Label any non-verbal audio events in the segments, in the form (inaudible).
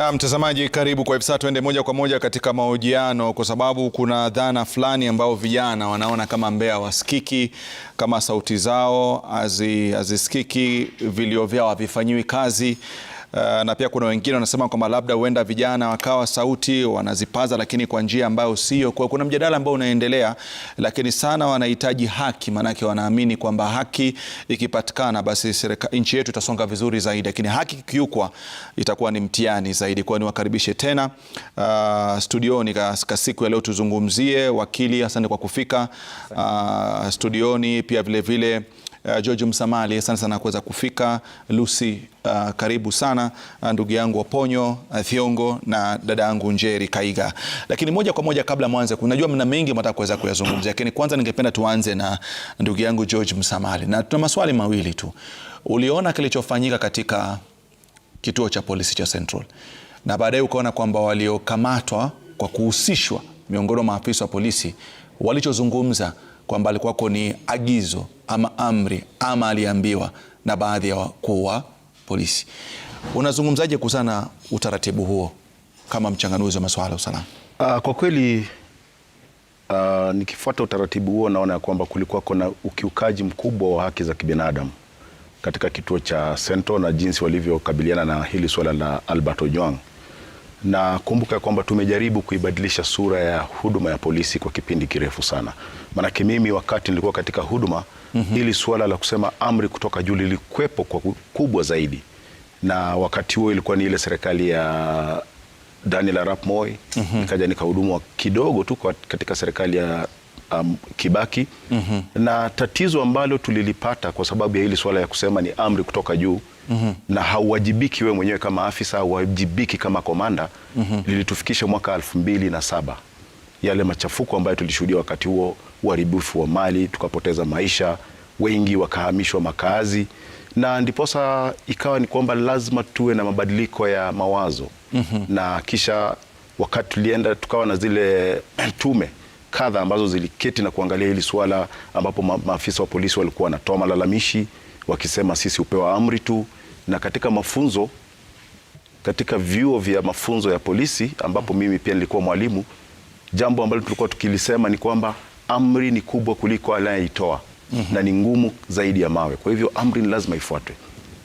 Na mtazamaji, karibu kwa hivi sasa, tuende moja kwa moja katika mahojiano, kwa sababu kuna dhana fulani ambao vijana wanaona kama mbea wasikiki, kama sauti zao hazisikiki, vilio vyao havifanyiwi kazi. Eh, na pia kuna wengine wanasema kwamba labda huenda vijana wakawa sauti wanazipaza, lakini kwa njia ambayo sio. Kwa kuna mjadala ambao unaendelea, lakini sana wanahitaji haki, maanake wanaamini kwamba haki ikipatikana basi nchi yetu itasonga vizuri zaidi, lakini haki ikiukwa itakuwa ni mtihani zaidi. Kwa niwakaribishe tena uh, studioni katika siku ya leo tuzungumzie wakili, asante kwa kufika uh, studioni pia vilevile vile, uh, George Msamali, asante sana kuweza kufika. Lucy uh, karibu sana uh, ndugu yangu Oponyo uh, Thiongo na dada yangu Njeri Kaiga. Lakini moja kwa moja kabla mwanze, najua mna mengi mtaka kuweza kuyazungumzia, lakini kwanza ningependa tuanze na ndugu yangu George Msamali, na tuna maswali mawili tu. Uliona kilichofanyika katika kituo cha polisi cha Central na baadaye ukaona kwamba waliokamatwa kwa kuhusishwa miongoni mwa maafisa wa polisi walichozungumza kwamba alikuwako ni agizo ama amri ama aliambiwa na baadhi ya wakuu wa polisi. Unazungumzaje kuhusiana na utaratibu huo kama mchanganuzi wa masuala ya usalama? Uh, kwa kweli uh, nikifuata utaratibu huo naona ya kwamba kulikuwa kuna ukiukaji mkubwa wa haki za kibinadamu katika kituo cha Sento na jinsi walivyokabiliana na hili suala la Albert Ojwang. Na kumbuka kwamba tumejaribu kuibadilisha sura ya huduma ya polisi kwa kipindi kirefu sana. Maanake mimi wakati nilikuwa katika huduma mm -hmm. Hili suala la kusema amri kutoka juu lilikwepo kwa kubwa zaidi, na wakati huo ilikuwa ni ile serikali ya Daniel Arap Moi mm -hmm. Nikaja nikahudumu kidogo tu katika serikali ya um, Kibaki mm -hmm. Na tatizo ambalo tulilipata kwa sababu ya hili swala ya kusema ni amri kutoka juu Mm -hmm. na hauwajibiki wewe mwenyewe kama afisa, hauwajibiki kama komanda mm -hmm. lilitufikisha mwaka elfu mbili na saba yale machafuko ambayo tulishuhudia wakati huo, uharibifu wa mali, tukapoteza maisha, wengi wakahamishwa makazi, na ndiposa ikawa ni kwamba lazima tuwe na mabadiliko ya mawazo mm -hmm. na kisha wakati tulienda tukawa na zile (clears throat) tume kadha ambazo ziliketi na kuangalia hili suala, ambapo maafisa wa polisi walikuwa wanatoa malalamishi wakisema sisi hupewa amri tu, na katika mafunzo katika vyuo vya mafunzo ya polisi ambapo mimi pia nilikuwa mwalimu jambo ambalo tulikuwa tukilisema ni kwamba amri ni kubwa kuliko anayeitoa mm -hmm. na ni ngumu zaidi ya mawe. Kwa hivyo amri ni lazima ifuatwe,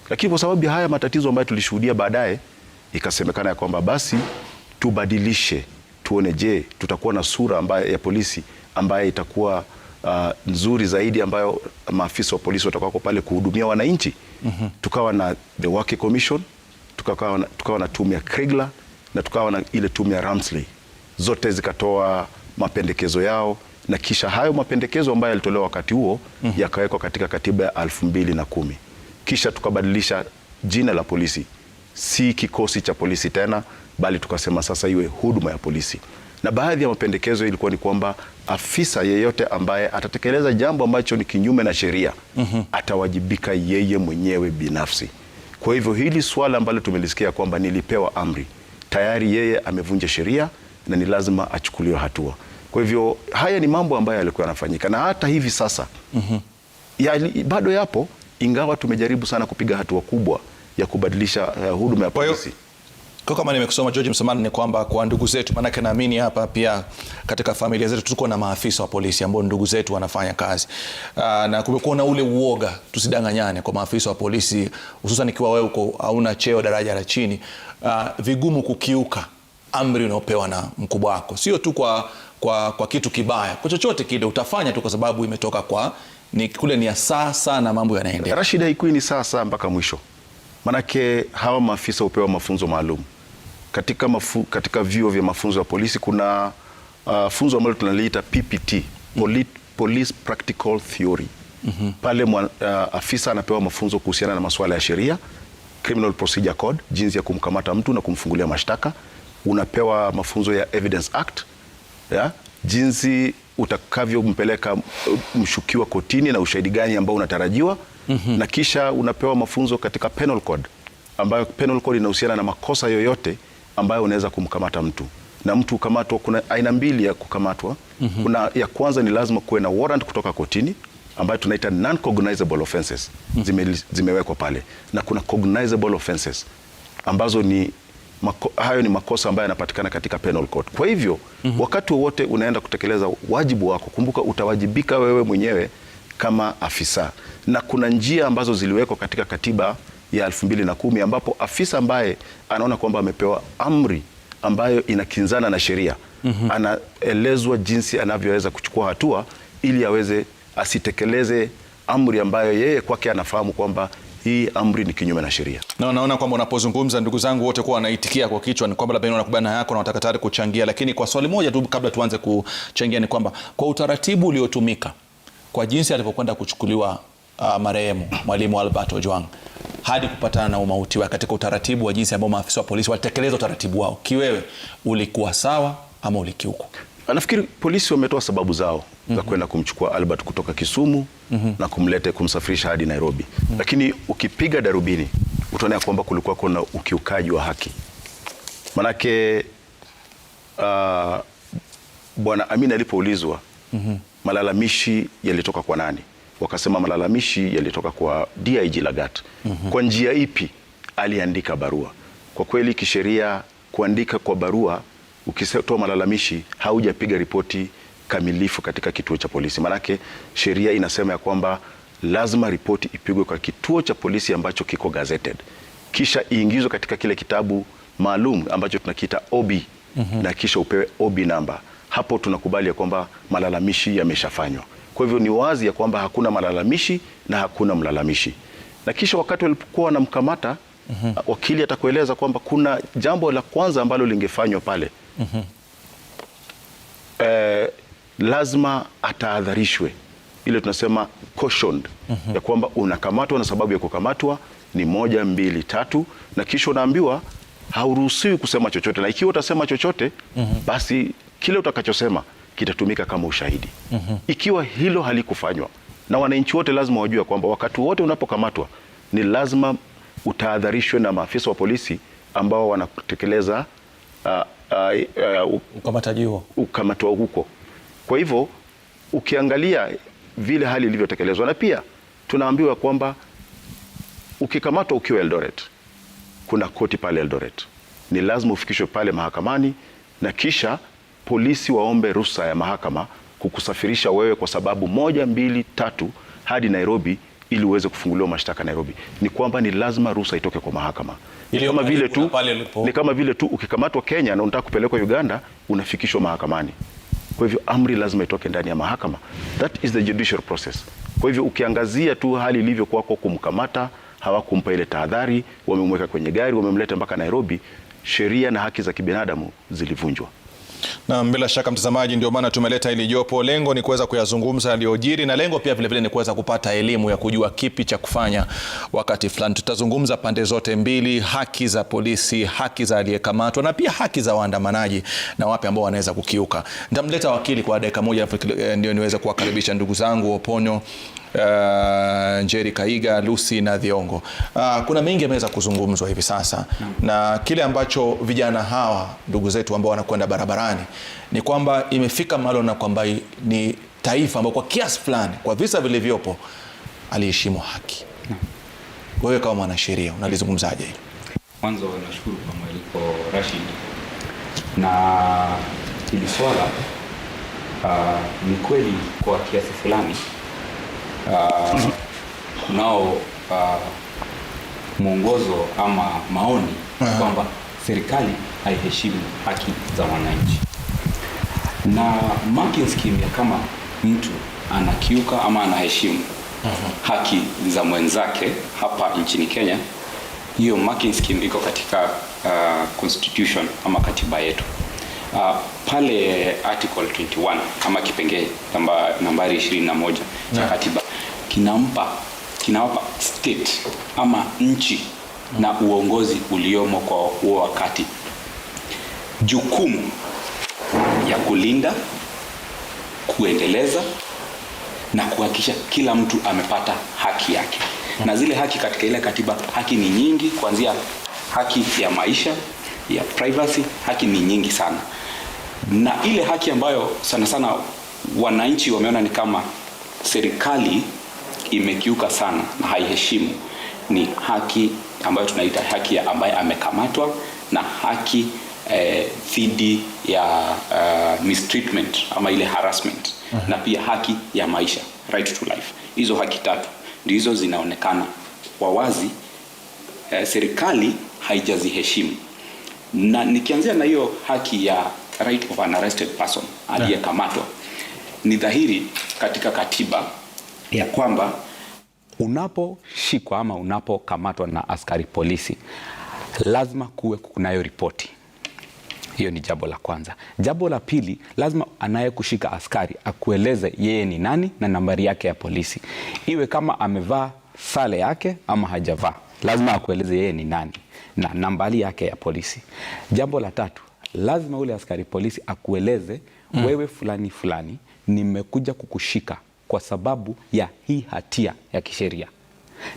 lakini kwa sababu ya haya matatizo ambayo tulishuhudia baadaye, ikasemekana ya kwamba basi tubadilishe, tuone, je, tutakuwa na sura ambayo ya polisi ambayo itakuwa uh, nzuri zaidi, ambayo maafisa wa polisi watakuwako pale kuhudumia wananchi mm -hmm. tukawa na the work Commission, tukawa na, tukawa na tume ya Kriegler na tukawa na ile tume ya Ramsley zote zikatoa mapendekezo yao na kisha hayo mapendekezo ambayo yalitolewa wakati huo mm -hmm. yakawekwa katika katiba ya elfu mbili na kumi kisha tukabadilisha jina la polisi, si kikosi cha polisi tena, bali tukasema sasa iwe huduma ya polisi. Na baadhi ya mapendekezo ilikuwa ni kwamba afisa yeyote ambaye atatekeleza jambo ambacho ni kinyume na sheria mm -hmm. atawajibika yeye mwenyewe binafsi. Kwa hivyo hili swala ambalo tumelisikia kwamba nilipewa amri, tayari yeye amevunja sheria na ni lazima achukuliwe hatua. Kwa hivyo haya ni mambo ambayo yalikuwa yanafanyika na hata hivi sasa mm -hmm. ya, bado yapo, ingawa tumejaribu sana kupiga hatua kubwa ya kubadilisha uh, huduma ya polisi kwa kama nimekusoma George Msamani, ni kwamba kwa ndugu zetu, maanake naamini hapa pia katika familia zetu tuko na maafisa wa polisi ambao ndugu zetu wanafanya kazi aa, ah, na kumekuwa na ule uoga, tusidanganyane, kwa maafisa wa polisi hususan ikiwa wewe uko hauna cheo daraja la chini ah, vigumu kukiuka amri unaopewa na mkubwa wako, sio tu kwa, kwa, kwa kitu kibaya, kwa chochote kile utafanya tu kwa sababu imetoka kwa ni, kule ni ya sasa na mambo yanaendelea. Rashid, haikui ni saa saa mpaka mwisho, manake hawa maafisa hupewa mafunzo maalum katika, mafu, katika vyuo vya mafunzo ya polisi kuna uh, funzo ambalo tunaliita PPT Poli, Police Practical Theory mm -hmm. Pale mwa, uh, afisa anapewa mafunzo kuhusiana na masuala ya sheria, Criminal Procedure Code, jinsi ya kumkamata mtu na kumfungulia mashtaka unapewa mafunzo ya Evidence Act ya, jinsi utakavyompeleka uh, mshukiwa kotini na ushahidi gani ambao unatarajiwa mm -hmm. na kisha unapewa mafunzo katika Penal Code ambayo Penal Code inahusiana na makosa yoyote ambayo unaweza kumkamata mtu na mtu ukamatwa. Kuna aina mbili ya kukamatwa mm -hmm. kuna ya kwanza ni lazima kuwe na warrant kutoka kotini ambayo tunaita non cognizable offenses mm -hmm. zime, zimewekwa pale na kuna cognizable offenses ambazo ni mako, hayo ni makosa ambayo yanapatikana katika penal code. Kwa hivyo mm -hmm. wakati wowote unaenda kutekeleza wajibu wako, kumbuka utawajibika wewe mwenyewe kama afisa, na kuna njia ambazo ziliwekwa katika katiba ya elfu mbili na kumi ambapo afisa ambaye anaona kwamba amepewa amri ambayo inakinzana na sheria mm -hmm. anaelezwa jinsi anavyoweza kuchukua hatua ili aweze asitekeleze amri ambayo yeye kwake anafahamu kwamba hii amri ni kinyume na sheria. Na naona kwamba unapozungumza ndugu zangu wote kuwa wanaitikia kwa kichwa, ni kwamba labda wanakubaliana yako na wanataka tayari kuchangia, lakini kwa swali moja tu kabla tuanze kuchangia ni kwamba kwa utaratibu uliotumika kwa jinsi alivyokwenda kuchukuliwa uh, marehemu Mwalimu Albert Ojwang hadi kupatana na umauti wake katika utaratibu wa jinsi ambao maafisa wa polisi walitekeleza utaratibu wao, kiwewe ulikuwa sawa ama ulikiuka? Nafikiri polisi wametoa sababu zao mm -hmm. za mhm. kwenda kumchukua Albert kutoka Kisumu mm -hmm. na kumlete kumsafirisha hadi Nairobi mm -hmm. lakini ukipiga darubini utaona kwamba kulikuwa kuna ukiukaji wa haki, manake uh, Bwana Amin alipoulizwa mm -hmm. malalamishi yalitoka kwa nani, wakasema malalamishi yalitoka kwa DIG Lagat mm -hmm. kwa njia ipi aliandika barua? Kwa kweli kisheria, kuandika kwa barua ukitoa malalamishi haujapiga ripoti kamilifu katika kituo cha polisi. Maanake sheria inasema ya kwamba lazima ripoti ipigwe kwa kituo cha polisi ambacho kiko gazetted, kisha iingizwe katika kile kitabu maalum ambacho tunakiita OB mm -hmm. na kisha upewe OB namba. Hapo tunakubali ya kwamba malalamishi yameshafanywa. Kwa hivyo ni wazi ya kwamba hakuna malalamishi na hakuna mlalamishi, na kisha wakati walipokuwa wanamkamata mm -hmm. wakili atakueleza kwamba kuna jambo la kwanza ambalo lingefanywa pale mm -hmm. Eh, lazima ataadharishwe ile tunasema cautioned mm -hmm. ya kwamba unakamatwa na sababu ya kukamatwa ni moja mbili tatu, na kisha unaambiwa hauruhusiwi kusema chochote, na ikiwa utasema chochote mm -hmm. basi kile utakachosema kitatumika kama ushahidi mm -hmm. ikiwa hilo halikufanywa, na wananchi wote lazima wajue kwamba wakati wote unapokamatwa ni lazima utaadharishwe na maafisa wa polisi ambao wanatekeleza uh, uh, ukamatwa huko. Kwa hivyo ukiangalia vile hali ilivyotekelezwa, na pia tunaambiwa kwamba ukikamatwa ukiwa Eldoret, kuna koti pale Eldoret, ni lazima ufikishwe pale mahakamani na kisha polisi waombe ruhusa ya mahakama kukusafirisha wewe kwa sababu moja, mbili, tatu hadi Nairobi ili uweze kufunguliwa mashtaka Nairobi. Ni kwamba ni lazima ruhusa itoke kwa mahakama ni kama vile tu ni kama vile tu ukikamatwa Kenya na unataka kupelekwa Uganda unafikishwa mahakamani. Kwa hivyo amri lazima itoke ndani ya mahakama. That is the judicial process. Kwa hivyo ukiangazia tu hali ilivyo kwako, kumkamata hawakumpa ile tahadhari, wamemweka kwenye gari, wamemleta mpaka Nairobi, sheria na haki za kibinadamu zilivunjwa. Na bila shaka mtazamaji, ndio maana tumeleta hili jopo. Lengo ni kuweza kuyazungumza yaliyojiri, na lengo pia vilevile ni kuweza kupata elimu ya kujua kipi cha kufanya wakati fulani. Tutazungumza pande zote mbili, haki za polisi, haki za aliyekamatwa na pia haki za waandamanaji na wapi ambao wanaweza kukiuka. Nitamleta wakili kwa dakika moja, eh, ndio niweze kuwakaribisha ndugu zangu Oponyo uh, Njeri Kaiga, Lucy na Dhiongo. Uh, ah, kuna mengi yameweza kuzungumzwa hivi sasa mm. na kile ambacho vijana hawa ndugu zetu ambao wanakwenda barabarani ni kwamba imefika mahali na kwamba ni taifa ambao kwa kiasi fulani kwa visa vilivyopo aliheshimu haki mm. Wewe kama mwanasheria unalizungumzaje hilo? Kwanza nashukuru kwa mwaliko Rashid, na hili swala uh, ni kweli kwa kiasi fulani uh, kunao uh, mwongozo ama maoni kwamba serikali haiheshimu haki za wananchi, na marking scheme ya kama mtu anakiuka ama anaheshimu haki za mwenzake hapa nchini Kenya, hiyo marking scheme iko katika uh, constitution ama katiba yetu. Uh, pale article 21 ama kipengee namba, nambari 21 cha katiba kinampa kinawapa state ama nchi na uongozi uliomo kwa huo wakati jukumu ya kulinda, kuendeleza na kuhakikisha kila mtu amepata haki yake. Na zile haki katika ile katiba, haki ni nyingi, kuanzia haki ya maisha, ya privacy, haki ni nyingi sana, na ile haki ambayo sana sana wananchi wameona ni kama serikali imekiuka sana na haiheshimu ni haki ambayo tunaita haki ya ambaye amekamatwa na haki eh, dhidi ya uh, mistreatment ama ile harassment uh mhm. -huh. Na pia haki ya maisha right to life. Hizo haki tatu ndizo zinaonekana kwa wazi eh, serikali haijaziheshimu, na nikianzia na hiyo haki ya right of an arrested person aliyekamatwa yeah ni dhahiri katika katiba ya kwamba unaposhikwa ama unapokamatwa na askari polisi lazima kuwe kunayo ripoti. Hiyo ni jambo la kwanza. Jambo la pili, lazima anayekushika askari akueleze yeye ni nani na nambari yake ya polisi, iwe kama amevaa sare yake ama hajavaa, lazima akueleze yeye ni nani na nambari yake ya polisi. Jambo la tatu, lazima ule askari polisi akueleze mm. wewe fulani fulani nimekuja kukushika kwa sababu ya hii hatia ya kisheria.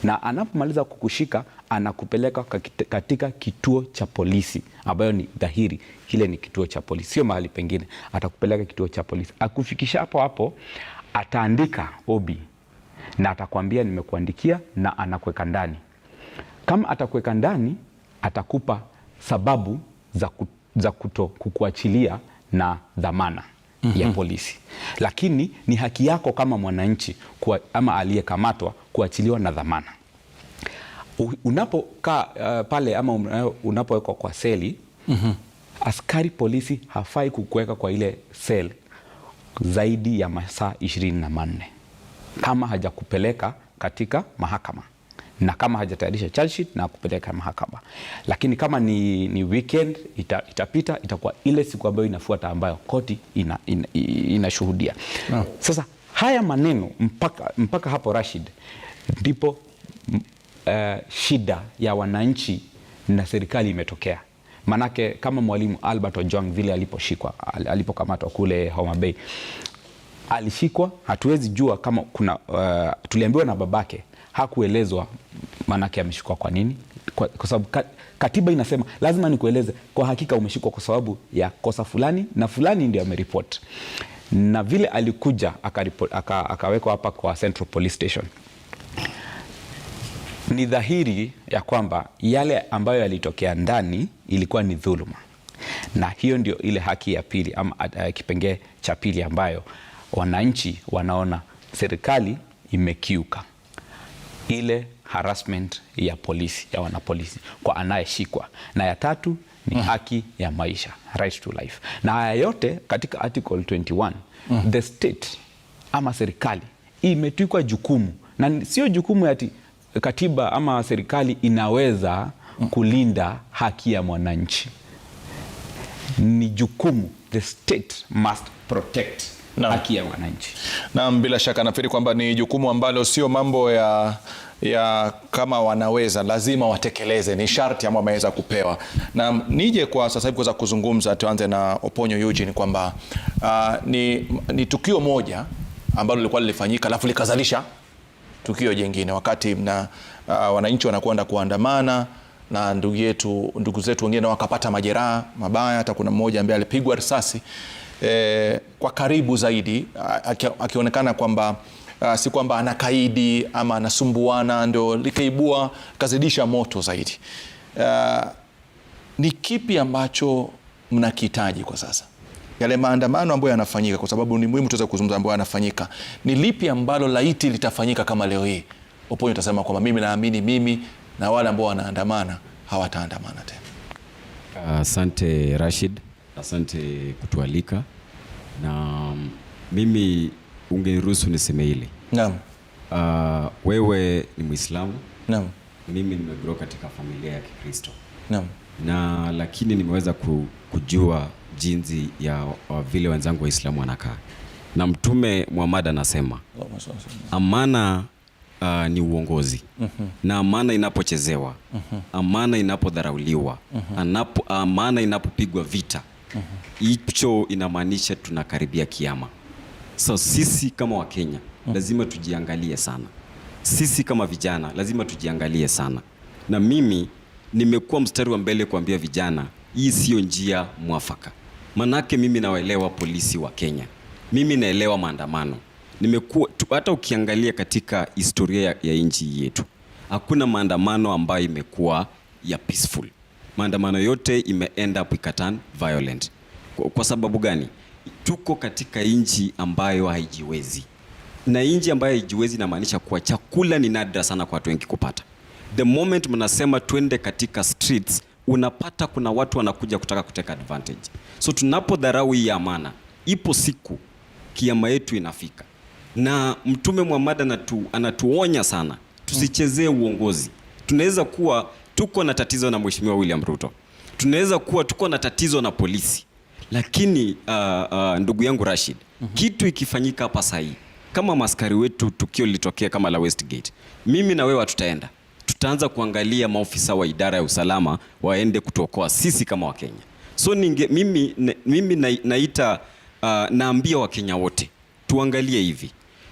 Na anapomaliza kukushika, anakupeleka katika kituo cha polisi, ambayo ni dhahiri kile ni kituo cha polisi, sio mahali pengine. Atakupeleka kituo cha polisi, akufikisha hapo hapo, ataandika obi na atakwambia nimekuandikia, na anakuweka ndani. Kama atakuweka ndani, atakupa sababu za kuto kukuachilia na dhamana mm -hmm. ya polisi, lakini ni haki yako kama mwananchi kwa, ama aliyekamatwa kuachiliwa na dhamana unapokaa uh, pale ama um, eh, unapowekwa kwa seli mm -hmm. askari polisi hafai kukuweka kwa ile sel zaidi ya masaa ishirini na manne kama hajakupeleka katika mahakama na kama hajatayarisha charge sheet na kupeleka mahakama. Lakini kama ni, ni weekend ita, itapita itakuwa ile siku ambayo inafuata ambayo koti inashuhudia ina, ina no. Sasa haya maneno mpaka, mpaka hapo Rashid, ndipo uh, shida ya wananchi na serikali imetokea. Manake kama mwalimu Albert Ojwang vile aliposhikwa alipokamatwa kule Homa Bay alishikwa, hatuwezi jua kama kuna uh, tuliambiwa na babake hakuelezwa maanake ameshikwa kwa nini kwa, kwa sababu katiba inasema lazima nikueleze kwa hakika umeshikwa kwa sababu ya kosa fulani na fulani ndio ameripot na vile alikuja akawekwa aka hapa kwa Central Police Station ni dhahiri ya kwamba yale ambayo yalitokea ndani ilikuwa ni dhuluma, na hiyo ndio ile haki ya pili ama uh, kipengee cha pili ambayo wananchi wanaona serikali imekiuka ile harassment ya polisi ya wanapolisi kwa anayeshikwa, na ya tatu ni mm. haki ya maisha right to life. Na haya yote katika article 21 mm. the state ama serikali imetwikwa jukumu, na sio jukumu ya katiba ama serikali inaweza mm. kulinda haki ya mwananchi, ni jukumu, the state must protect na haki ya wananchi. Naam, bila shaka nafikiri kwamba ni jukumu ambalo sio mambo ya ya kama wanaweza lazima watekeleze, ni sharti ambayo wameweza kupewa. Na nije kwa sasa hivi kuweza kuzungumza, tuanze na Oponyo Eugene kwamba uh, ni, ni tukio moja ambalo lilikuwa lilifanyika alafu likazalisha tukio jingine, wakati na uh, ah, wananchi wanakwenda kuandamana na ndugu yetu ndugu zetu wengine wakapata majeraha mabaya, hata kuna mmoja ambaye alipigwa risasi. Eh, kwa karibu zaidi, akionekana kwamba Uh, si kwamba anakaidi ama anasumbuana, ndio likaibua kazidisha moto zaidi. Uh, ni kipi ambacho mnakihitaji kwa sasa? Yale maandamano ambayo yanafanyika, kwa sababu ni muhimu tuweze kuzungumza, ambayo yanafanyika, ni lipi ambalo laiti litafanyika kama leo hii Oponyo utasema kwamba mimi naamini mimi na wale ambao wanaandamana hawataandamana tena? Asante uh, Rashid. Asante kutualika na mm, mimi ungeruhusu niseme hili. Naam. Uh, wewe ni Muislamu. Naam. Mimi nimegrow katika familia ya Kikristo. Naam. Na lakini nimeweza kujua jinsi ya vile wenzangu Waislamu wanakaa na Mtume Muhammad anasema amana uh, ni uongozi mm -hmm. na amana inapochezewa mm -hmm. amana inapodharauliwa mm -hmm. amana inapopigwa vita hicho inamaanisha tunakaribia kiama. So sisi kama Wakenya lazima tujiangalie sana, sisi kama vijana lazima tujiangalie sana, na mimi nimekuwa mstari wa mbele kuambia vijana hii siyo njia mwafaka, manake mimi nawaelewa polisi wa Kenya, mimi naelewa maandamano. Nimekuwa hata ukiangalia katika historia ya, ya nchi yetu hakuna maandamano ambayo imekuwa ya peaceful maandamano yote ime end up violent. Kwa, kwa sababu gani? Tuko katika nchi ambayo haijiwezi, na nchi ambayo haijiwezi inamaanisha kuwa chakula ni nadra sana kwa watu wengi kupata. The moment mnasema twende katika streets, unapata kuna watu wanakuja kutaka kuteka advantage. So tunapodharau hii amana, ipo siku kiama yetu inafika, na Mtume Muhammad anatu, anatuonya sana tusichezee uongozi. Tunaweza kuwa tuko na tatizo na Mheshimiwa William Ruto, tunaweza kuwa tuko na tatizo na polisi, lakini uh, uh, ndugu yangu Rashid, mm -hmm. kitu ikifanyika hapa sahii kama maskari wetu tukio lilitokea kama la Westgate, mimi na wewe hatutaenda, tutaanza kuangalia maofisa wa idara ya usalama waende kutuokoa sisi kama Wakenya. So ninge, mimi, ne, mimi na, naita uh, naambia Wakenya wote tuangalie hivi,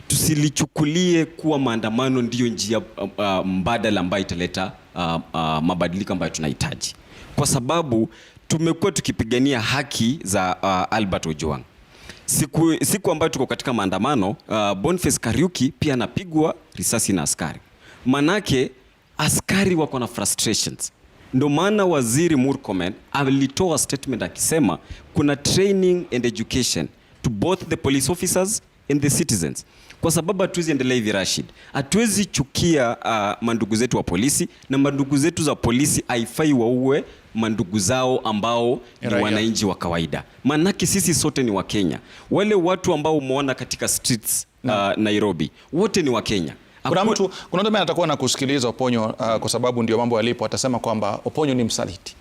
tusilichukulie kuwa maandamano ndiyo njia uh, uh, mbadala ambayo italeta uh, uh, mabadiliko ambayo tunahitaji, kwa sababu tumekuwa tukipigania haki za uh, Albert Ojwang. Siku, siku ambayo tuko katika maandamano uh, Boniface Kariuki pia anapigwa risasi na askari. Manake askari wako na frustrations, ndio maana waziri Murkomen alitoa statement akisema kuna training and education to both the police officers and the citizens kwa sababu hatuwezi endelea hivi Rashid. Hatuwezi chukia uh, mandugu zetu wa polisi na mandugu zetu za polisi haifai waue mandugu zao ambao ni wananchi wa kawaida, maanake sisi sote ni Wakenya. Wale watu ambao umeona katika streets uh, Nairobi wote ni Wakenya. Kuna mtu kuna mtu anatakuwa na kusikiliza Oponyo uh, kwa sababu ndio mambo yalipo, atasema kwamba Oponyo ni msaliti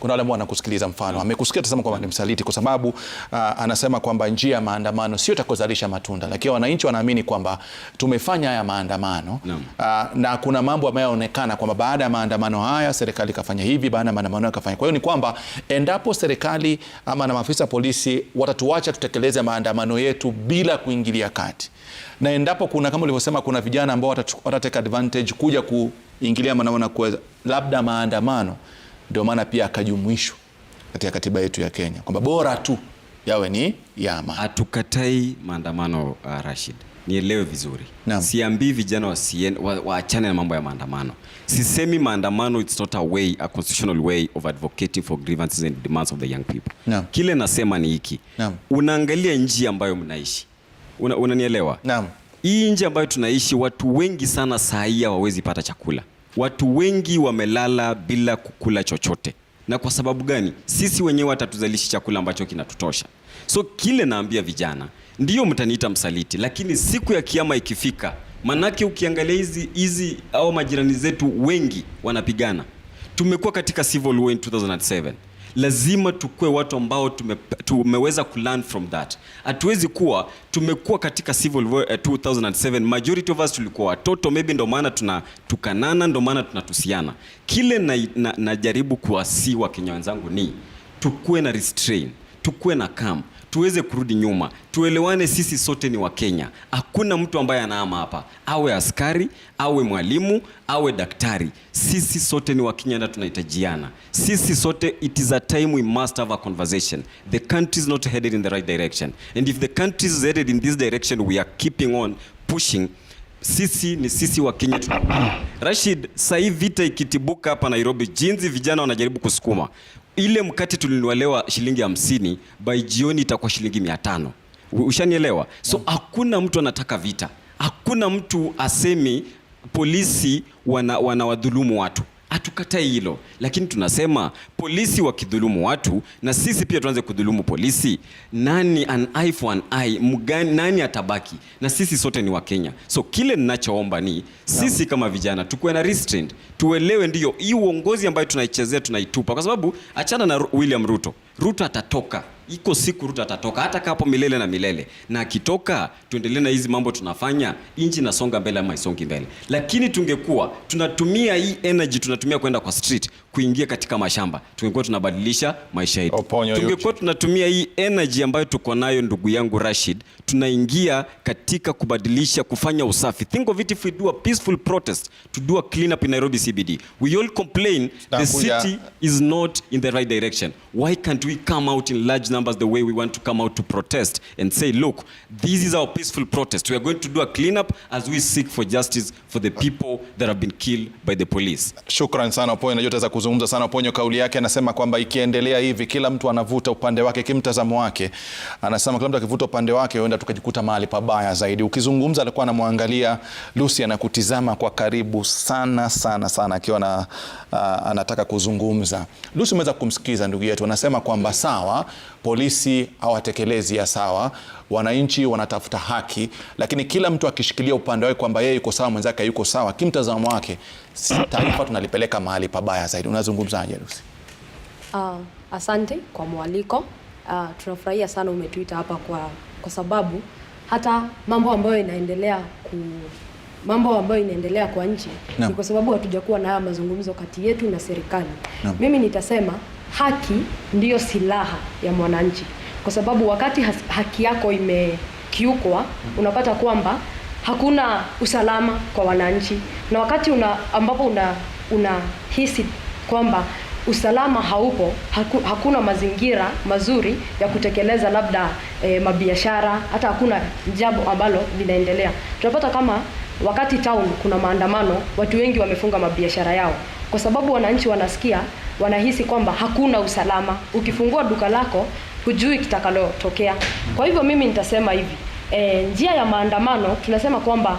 kuna wale ambao wanakusikiliza, mfano amekusikia tasema kwamba ni msaliti, kwa sababu uh, anasema kwamba njia ya maandamano sio itakozalisha matunda, lakini wananchi wanaamini kwamba tumefanya haya maandamano no. Uh, na kuna mambo ambayo yanaonekana kwamba baada ya maandamano haya serikali ikafanya hivi, baada ya maandamano haya ikafanya. Kwa hiyo ni kwamba endapo serikali ama na maafisa polisi watatuacha tutekeleze maandamano yetu bila kuingilia kati na endapo kuna kama ulivyosema, kuna vijana ambao watateka advantage kuja kuingilia maandamano, labda maandamano ndio maana pia akajumuishwa katika katiba yetu ya Kenya kwamba bora tu yawe ni ya amani. Hatukatai maandamano uh, Rashid, nielewe vizuri. Siambii vijana waachane wa na mambo ya maandamano. Sisemi maandamano it's not a way a constitutional way of advocating for grievances and demands of the young people. Naam. Kile nasema ni hiki. Unaangalia nchi ambayo mnaishi. Unanielewa? Una Hii nchi ambayo tunaishi watu wengi sana saa hii hawawezi pata chakula watu wengi wamelala bila kukula chochote. Na kwa sababu gani? Sisi wenyewe hatatuzalishi chakula ambacho kinatutosha. So kile naambia vijana, ndiyo mtaniita msaliti, lakini siku ya kiama ikifika, manake ukiangalia hizi hizi au majirani zetu wengi wanapigana. Tumekuwa katika civil war in 2007 lazima tukue watu ambao tume, tumeweza learn from that. Hatuwezi kuwa tumekuwa katika civil war 2007, eh, majority of us tulikuwa watoto, maybe ndo maana tukanana, ndo maana tunatusiana. Kile najaribu na, na kuwasiwa Wakenya wenzangu ni tukue na restrain, tukue na calm tuweze kurudi nyuma, tuelewane. Sisi sote ni Wakenya, hakuna mtu ambaye anaama hapa, awe askari, awe mwalimu, awe daktari. Sisi sote ni Wakenya na tunahitajiana sisi sote. It is a time we must have a conversation. The country is not headed in the right direction, and if the country is headed in this direction, we are keeping on pushing sisi ni sisi wa Kenya. Rashid, sasa hivi vita ikitibuka hapa Nairobi, jinsi vijana wanajaribu kusukuma ile mkate tulinuelewa shilingi hamsini, by jioni itakuwa shilingi mia tano. Ushanielewa? So mm. hakuna mtu anataka vita, hakuna mtu asemi polisi wana, watu. Hatukatai hilo, lakini tunasema polisi wakidhulumu watu na sisi pia tuanze kudhulumu polisi. Nani an eye for an eye, mgani nani atabaki? Na sisi sote ni Wakenya, so kile ninachoomba ni sisi kama vijana tukuwe na restraint, tuelewe ndiyo hii uongozi ambayo tunaichezea tunaitupa, kwa sababu achana na William Ruto. Ruto atatoka iko siku Ruto atatoka, hata kapo milele na milele, na akitoka tuendelee na hizi mambo tunafanya, inchi nasonga mbele ama isongi mbele. Lakini tungekuwa tunatumia hii energy tunatumia kwenda kwa street kuingia katika mashamba, tungekuwa tunabadilisha maisha yetu. Tungekuwa tunatumia hii energy ambayo tuko nayo, ndugu yangu Rashid, tunaingia katika kubadilisha, kufanya usafi. Think of it if we do a peaceful protest to do a clean up in Nairobi CBD. We all complain the city is not in the right direction. Why can't we come out in large numbers the way we want to come out to protest and say, look, this is our peaceful protest. We are going to do a clean up as we seek for justice for the people that have been killed by the police. Shukran sana, point najua Kuzungumza sana Oponyo, kauli yake anasema kwamba ikiendelea hivi kila mtu anavuta upande wake, kimtazamo wake, anasema kila mtu akivuta upande wake huenda tukajikuta mahali pabaya zaidi. Ukizungumza alikuwa anamwangalia Lucy, anakutizama kwa karibu sana sana sana, akiwa na uh, anataka kuzungumza. Lucy umeweza kumsikiza ndugu yetu, anasema kwamba sawa, polisi hawatekelezi ya sawa wananchi wanatafuta haki, lakini kila mtu akishikilia upande wake kwamba yeye yuko sawa, mwenzake yuko sawa, kimtazamo wake, taifa tunalipeleka mahali pabaya zaidi. Unazungumzaje Lucy? Uh, asante kwa mwaliko. Uh, tunafurahia sana umetuita hapa kwa, kwa sababu hata mambo ambayo inaendelea ku mambo ambayo inaendelea kwa nchi no. ni kwa sababu hatujakuwa na haya mazungumzo kati yetu na serikali no. Mimi nitasema haki ndiyo silaha ya mwananchi kwa sababu wakati has, haki yako imekiukwa, unapata kwamba hakuna usalama kwa wananchi, na wakati una, ambapo una unahisi kwamba usalama haupo, haku, hakuna mazingira mazuri ya kutekeleza labda e, mabiashara, hata hakuna jambo ambalo linaendelea. Tunapata kama wakati town kuna maandamano, watu wengi wamefunga mabiashara yao kwa sababu wananchi wanasikia, wanahisi kwamba hakuna usalama. Ukifungua duka lako hujui kitakalotokea. Kwa hivyo mimi nitasema hivi e, njia ya maandamano tunasema kwamba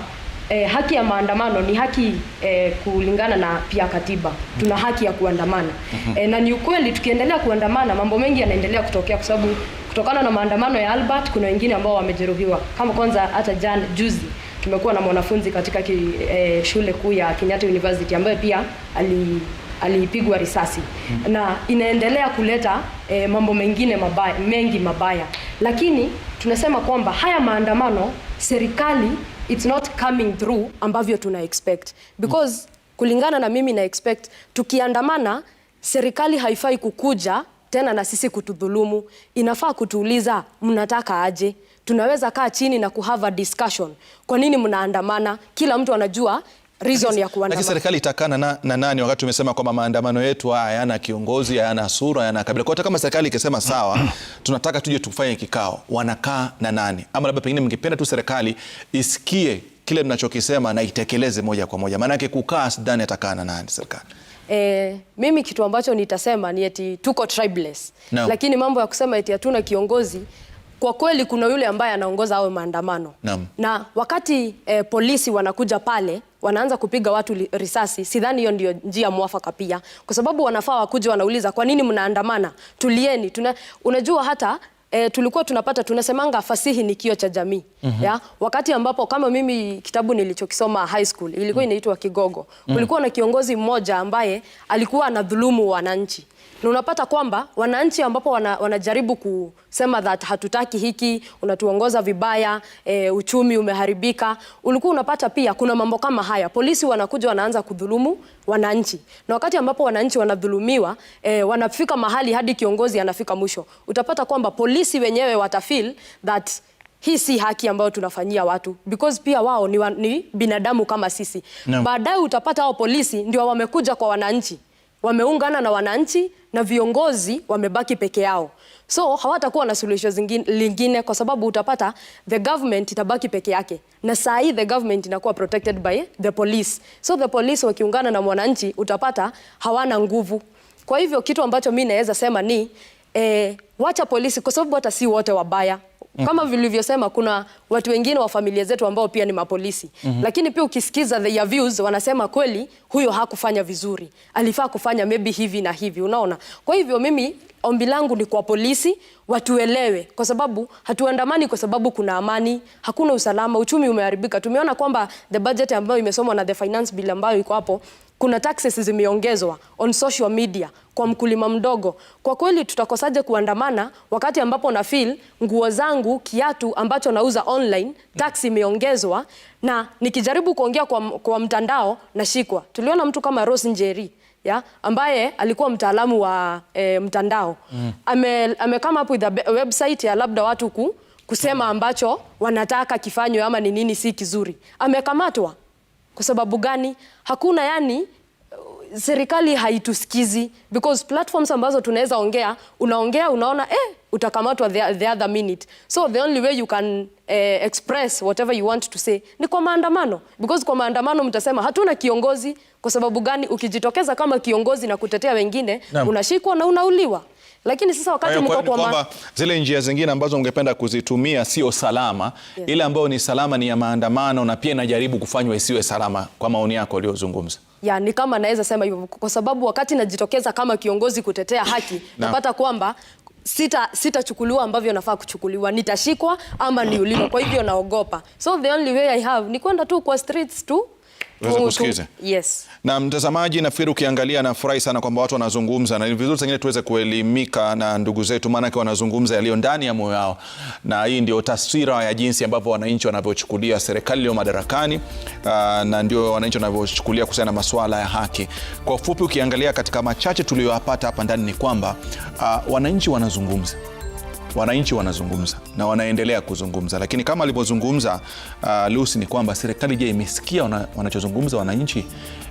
e, haki ya maandamano ni haki e, kulingana na pia katiba tuna haki ya kuandamana e, na ni ukweli tukiendelea kuandamana mambo mengi yanaendelea kutokea kwa sababu kutokana na maandamano ya Albert kuna wengine ambao wamejeruhiwa kama kwanza hata jan juzi tumekuwa na mwanafunzi katika ki, e, shule kuu ya Kenyatta University ambaye pia ali alipigwa risasi mm. na inaendelea kuleta e, mambo mengine mabaya, mengi mabaya, lakini tunasema kwamba haya maandamano serikali it's not coming through ambavyo tuna expect because mm. kulingana na mimi na expect tukiandamana, serikali haifai kukuja tena na sisi kutudhulumu, inafaa kutuuliza mnataka aje tunaweza kaa chini na kuhave a discussion. Kwa nini mnaandamana? Kila mtu anajua reason ya kuandamana. Lakini serikali itakana na, na nani wakati umesema kwamba maandamano yetu haya hayana kiongozi, hayana sura, hayana kabila. Kwa hiyo kama serikali ikisema sawa, (clears throat) tunataka tuje tufanye kikao, wanakaa na nani? Ama labda pengine mngependa tu serikali isikie kile mnachokisema na itekeleze moja kwa moja, Maana yake kukaa, sidhani atakaa na nani serikali. Eh, mimi kitu ambacho nitasema ni eti tuko tribeless. No. Lakini mambo ya kusema eti hatuna kiongozi kwa kweli kuna yule ambaye anaongoza awe maandamano. No. Na wakati eh, polisi wanakuja pale wanaanza kupiga watu risasi, sidhani hiyo ndio njia mwafaka pia, kwa sababu wanafaa wakuje wanauliza kwa nini mnaandamana, tulieni tuna, unajua hata E, tulikuwa tunapata tunasemanga fasihi ni kio cha jamii mm -hmm. ya wakati ambapo kama mimi kitabu nilichokisoma high school ilikuwa mm -hmm. inaitwa Kigogo. Mhm. Kulikuwa mm -hmm. na kiongozi mmoja ambaye alikuwa anadhulumu wananchi na unapata kwamba wananchi ambapo wana, wanajaribu kusema that hatutaki hiki, unatuongoza vibaya e, uchumi umeharibika, ulikuwa unapata pia kuna mambo kama haya, polisi wanakuja wanaanza kudhulumu wananchi, na wakati ambapo wananchi wanadhulumiwa e, wanafika mahali hadi kiongozi anafika mwisho, utapata kwamba polisi wenyewe watafeel that hii si haki ambayo tunafanyia watu because pia wao ni, wa, ni binadamu kama sisi no. Baadaye utapata hao polisi ndio wamekuja kwa wananchi, wameungana na wananchi na viongozi wamebaki peke yao, so hawatakuwa na suluhisho lingine, kwa sababu utapata the government itabaki peke yake, na saa hii the government inakuwa protected by the police. So the police wakiungana na mwananchi, utapata hawana nguvu. Kwa hivyo kitu ambacho mi naweza sema ni eh, wacha polisi, kwa sababu hata si wote wabaya mm kama vilivyosema kuna watu wengine wa familia zetu ambao pia ni mapolisi mm -hmm. lakini pia ukisikiza the views wanasema kweli, huyo hakufanya vizuri, alifaa kufanya maybe hivi na hivi, unaona. Kwa hivyo mimi ombi langu ni kwa polisi watuelewe, kwa sababu hatuandamani kwa sababu kuna amani, hakuna usalama, uchumi umeharibika. Tumeona kwamba the budget ambayo imesomwa na the finance bill ambayo iko hapo kuna taxes zimeongezwa on social media kwa mkulima mdogo. Kwa kweli tutakosaje kuandamana wakati ambapo na feel nguo zangu, kiatu ambacho nauza online tax imeongezwa, na nikijaribu kuongea kwa, kwa mtandao nashikwa. Tuliona mtu kama Rose Njeri ya ambaye alikuwa mtaalamu wa e, mtandao mm. ame, ame come up with a website ya labda watu ku, kusema ambacho wanataka kifanywe ama ni nini si kizuri, amekamatwa kwa sababu gani? Hakuna yani serikali haitusikizi because platforms ambazo tunaweza ongea, unaongea unaona eh utakamatwa the, the other minute so the only way you can uh, express whatever you want to say ni kwa maandamano, because kwa maandamano mtasema hatuna kiongozi. Kwa sababu gani? Ukijitokeza kama kiongozi na kutetea wengine Nam. unashikwa na unauliwa. Lakini sasa wakati mko kwa ma... zile njia zingine ambazo ungependa kuzitumia sio salama, yes. Ile ambayo ni salama ni ya maandamano na pia inajaribu kufanywa isiwe salama, kwa maoni yako uliozungumza. Ya, ni kama naweza sema hivyo kwa sababu wakati najitokeza kama kiongozi kutetea haki napata kwamba sita sitachukuliwa ambavyo nafaa kuchukuliwa, nitashikwa ama niuliwe. Kwa hivyo naogopa, so the only way I have ni kwenda tu kwa streets tu Uweze kusikiza. Yes. Na mtazamaji, nafikiri ukiangalia nafurahi sana kwamba watu wanazungumza, na ni vizuri sengine tuweze kuelimika na ndugu zetu, maanake wanazungumza yaliyo ndani ya moyo wao, na hii ndio taswira ya jinsi ambavyo wananchi wanavyochukulia serikali iliyo madarakani ah, na ndio wananchi wanavyochukulia kuhusiana na masuala ya haki. Kwa ufupi, ukiangalia katika machache tuliyoyapata hapa ndani ni kwamba ah, wananchi wanazungumza wananchi wanazungumza na wanaendelea kuzungumza, lakini kama alivyozungumza uh, Lucy ni kwamba serikali, je, imesikia wana, wanachozungumza wananchi?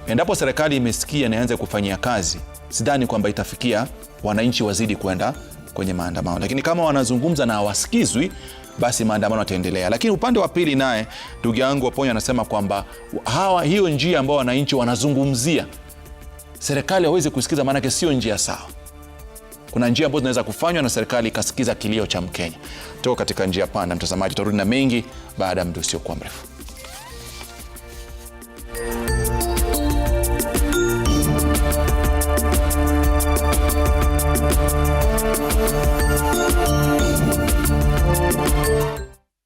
Endapo serikali imesikia naanze kufanyia kazi, sidhani kwamba itafikia wananchi wazidi kwenda kwenye maandamano, lakini kama wanazungumza na hawasikizwi basi maandamano yataendelea. Lakini upande wa pili naye ndugu yangu Waponya anasema kwamba hawa, hiyo njia ambayo wananchi wanazungumzia serikali hawezi kusikiza, maanake sio njia sawa kuna njia ambazo zinaweza kufanywa na serikali ikasikiza kilio cha Mkenya. Tuko katika njia panda, mtazamaji, tutarudi na mengi baada ya muda usiokuwa mrefu.